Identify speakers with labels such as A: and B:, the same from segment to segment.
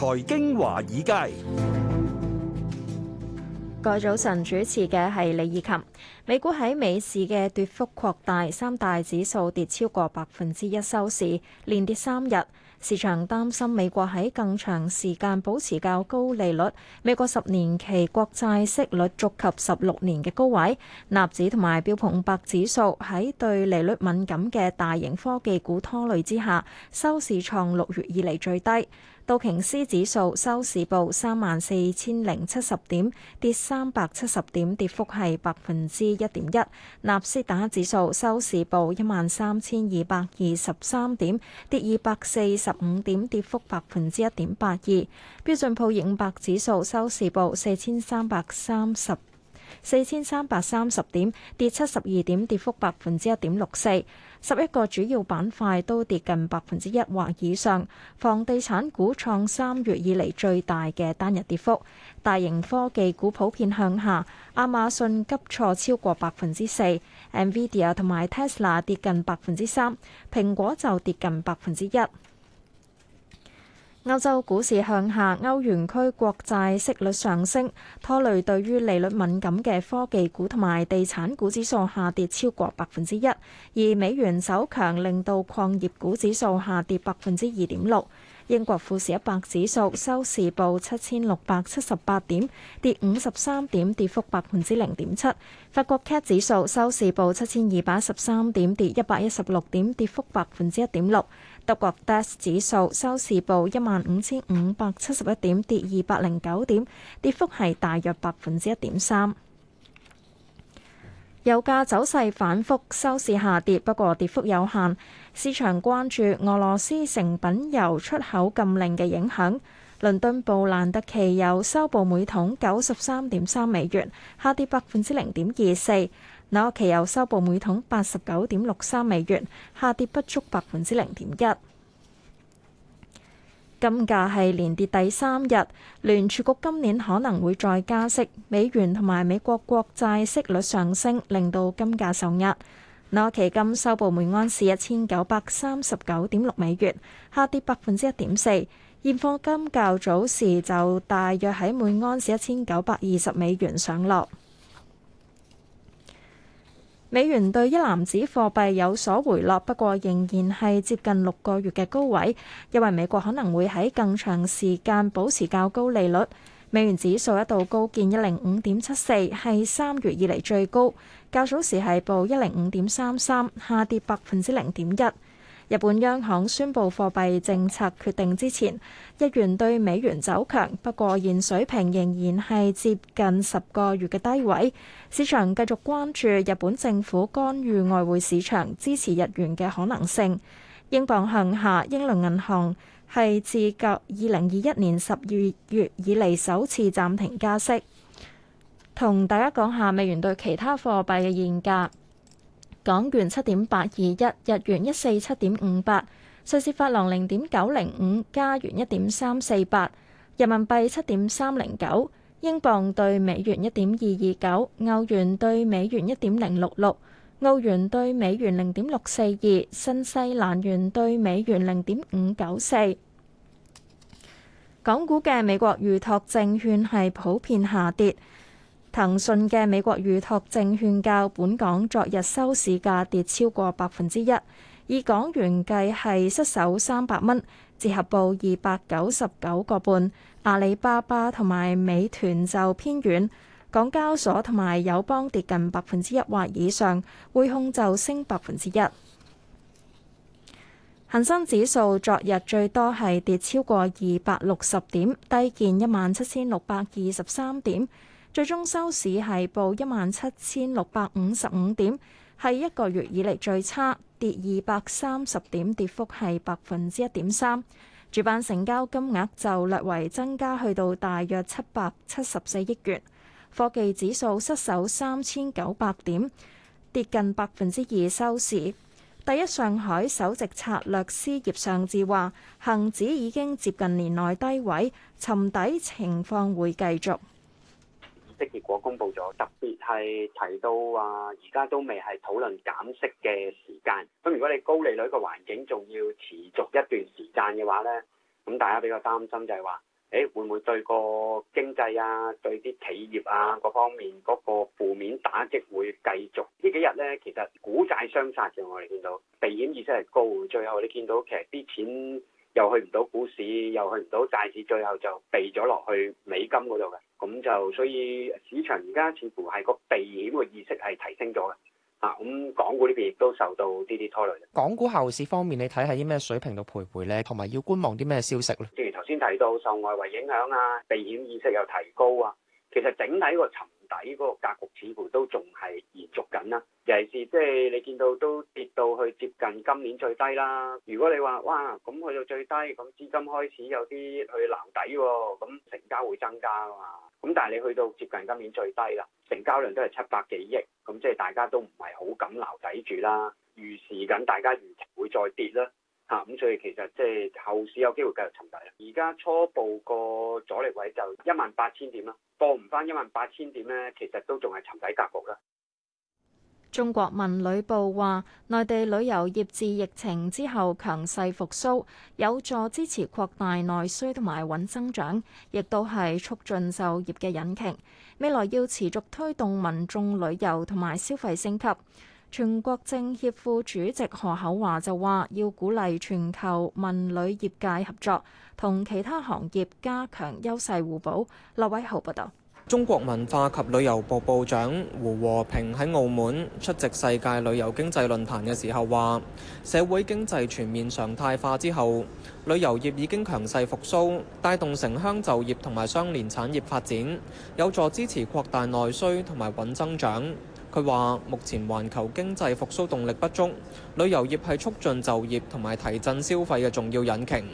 A: 財經華爾
B: 街，個早晨主持嘅係李怡琴。美股喺美市嘅跌幅擴大，三大指數跌超過百分之一收市，連跌三日。市場擔心美國喺更長時間保持較高利率。美國十年期國債息率觸及十六年嘅高位。納指同埋標普五百指數喺對利率敏感嘅大型科技股拖累之下，收市創六月以嚟最低。道瓊斯指數收市報三萬四千零七十點，跌三百七十點，跌幅係百分之一點一。納斯達克指數收市報一萬三千二百二十三點，跌二百四十五點，跌幅百分之一點八二。標準普爾五百指數收市報四千三百三十。四千三百三十點，跌七十二點，跌幅百分之一點六四。十一個主要板塊都跌近百分之一或以上，房地產股創三月以嚟最大嘅單日跌幅。大型科技股普，普遍向下，亞馬遜急挫超過百分之四，NVIDIA 同埋 Tesla 跌近百分之三，蘋果就跌近百分之一。歐洲股市向下，歐元區國債息率上升，拖累對於利率敏感嘅科技股同埋地產股指數下跌超過百分之一，而美元走強令到礦業股指數下跌百分之二點六。英國富時一百指數收市報七千六百七十八點，跌五十三點，跌幅百分之零點七。法國 CAC 指數收市報七千二百十三點，跌一百一十六點，跌幅百分之一點六。德國 DAX 指數收市報一萬五千五百七十一點，跌二百零九點，跌幅係大約百分之一點三。油價走勢反覆，收市下跌，不過跌幅有限。市場關注俄羅斯成品油出口禁令嘅影響。倫敦布蘭特期油收報每桶九十三點三美元，下跌百分之零點二四。紐約期油收報每桶八十九點六三美元，下跌不足百分之零點一。金價係連跌第三日，聯儲局今年可能會再加息，美元同埋美國國債息率上升，令到金價受壓。紐約期金收報每盎司一千九百三十九點六美元，下跌百分之一點四。現貨金較早時就大約喺每盎司一千九百二十美元上落。美元對一籃子貨幣有所回落，不過仍然係接近六個月嘅高位，因為美國可能會喺更長時間保持較高利率。美元指數一度高見一零五點七四，係三月以嚟最高，較早時係報一零五點三三，下跌百分之零點一。日本央行宣布貨幣政策決定之前，日元對美元走強，不過現水平仍然係接近十個月嘅低位。市場繼續關注日本政府干預外匯市場支持日元嘅可能性。英鎊向下，英倫銀行係自隔二零二一年十二月以嚟首次暫停加息。同大家講下美元對其他貨幣嘅現價。港元七點八二一，日元一四七點五八，瑞士法郎零點九零五，加元一點三四八，人民幣七點三零九，英鎊對美元一點二二九，歐元對美元一點零六六，澳元對美元零點六四二，新西蘭元對美元零點五九四。港股嘅美國預託證券係普遍下跌。騰訊嘅美國預託證券較本港昨日收市價跌超過百分之一，以港元計係失守三百蚊，折合報二百九十九個半。阿里巴巴同埋美團就偏遠，港交所同埋友邦跌近百分之一或以上，匯控就升百分之一。恒生指數昨日最多係跌超過二百六十點，低見一萬七千六百二十三點。最終收市係報一萬七千六百五十五點，係一個月以嚟最差，跌二百三十點，跌幅係百分之一點三。主板成交金額就略為增加，去到大約七百七十四億元。科技指數失守三千九百點，跌近百分之二收市。第一上海首席策略師葉尚志話，恒指已經接近年內低位，尋底情況會繼續。
A: 我公布咗，特別係提到話、啊，而家都未係討論減息嘅時間。咁如果你高利率嘅環境仲要持續一段時間嘅話呢，咁大家比較擔心就係話，誒、欸、會唔會對個經濟啊、對啲企業啊各方面嗰個負面打擊會繼續？呢幾日呢，其實股債相殺嘅，我哋見到避險意識係高，最後你見到其實啲錢。又去唔到股市，又去唔到債市，最後就避咗落去美金嗰度嘅，咁就所以市場而家似乎係個避險嘅意識係提升咗嘅，嚇、啊、咁、嗯、港股呢邊亦都受到呢啲拖累。
C: 港股後市方面，你睇下啲咩水平度徘徊咧？同埋要觀望啲咩消息咧？
A: 正如頭先提到，受外圍影響啊，避險意識又提高啊，其實整體個沉底嗰個格局似乎都仲係延續緊啦，尤其是即係你見到都跌到去接近今年最低啦。如果你話哇咁去到最低，咁資金開始有啲去撈底喎，咁成交會增加啊嘛。咁但係你去到接近今年最低啦，成交量都係七百幾億，咁即係大家都唔係好敢撈底住啦，預示緊大家預期會再跌啦。咁所以其實即係後市有機會繼續沉底啦。而家初步個阻力位就一萬八千點啦，過唔翻一萬八千點呢，其實都仲係沉底格局啦。
B: 中國文旅部話，內地旅遊業自疫情之後強勢復甦，有助支持擴大內需同埋穩增長，亦都係促進就業嘅引擎。未來要持續推動民眾旅遊同埋消費升級。全國政協副主席何厚華就話：要鼓勵全球文旅業界合作，同其他行業加強優勢互補。劉偉豪報道。
C: 中國文化及旅遊部部部長胡和平喺澳門出席世界旅遊經濟論壇嘅時候話：社會經濟全面常態化之後，旅遊業已經強勢復甦，帶動城鄉就業同埋相連產業發展，有助支持擴大內需同埋穩增長。佢話目前環球經濟復甦動力不足，旅遊業係促進就業同埋提振消費嘅重要引擎，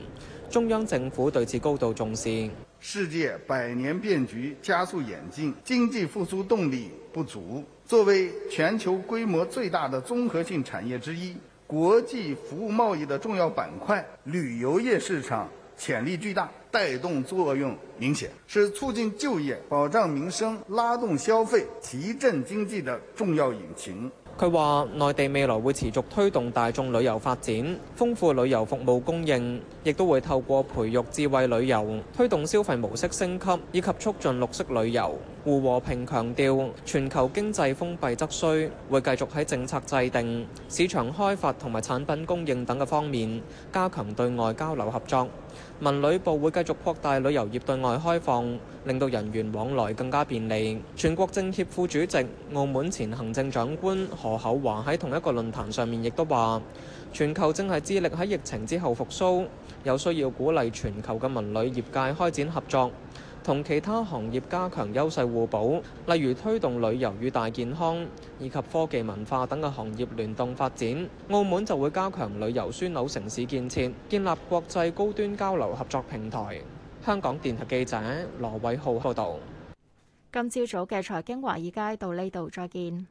C: 中央政府對此高度重視，世界
B: 百年變局加速演進，經濟復甦動力不足。作為全球規模最大的綜合性產業之一，國際服務貿易的重要板塊，旅遊業市場潛力巨大。帶動作用明顯，是促進就業、保障民生、拉動消費、提振經濟的重要引擎。
C: 佢話，內地未來會持續推動大眾旅遊發展，豐富旅遊服務供應，亦都會透過培育智慧旅遊推動消費模式升級，以及促進綠色旅遊。胡和平強調，全球經濟封閉則衰，會繼續喺政策制定、市場開發同埋產品供應等嘅方面加強對外交流合作。文旅部會繼續擴大旅遊業對外開放，令到人員往來更加便利。全國政協副主席、澳門前行政長官何厚鏵喺同一個論壇上面亦都話：全球正係致力喺疫情之後復甦，有需要鼓勵全球嘅文旅業界開展合作。同其他行業加強優勢互補，例如推動旅遊與大健康以及科技文化等嘅行業聯動發展。澳門就會加強旅遊樞紐城市建設，建立國際高端交流合作平台。香港電台記者羅偉浩報道。
B: 今朝早嘅財經華爾街到呢度，再見。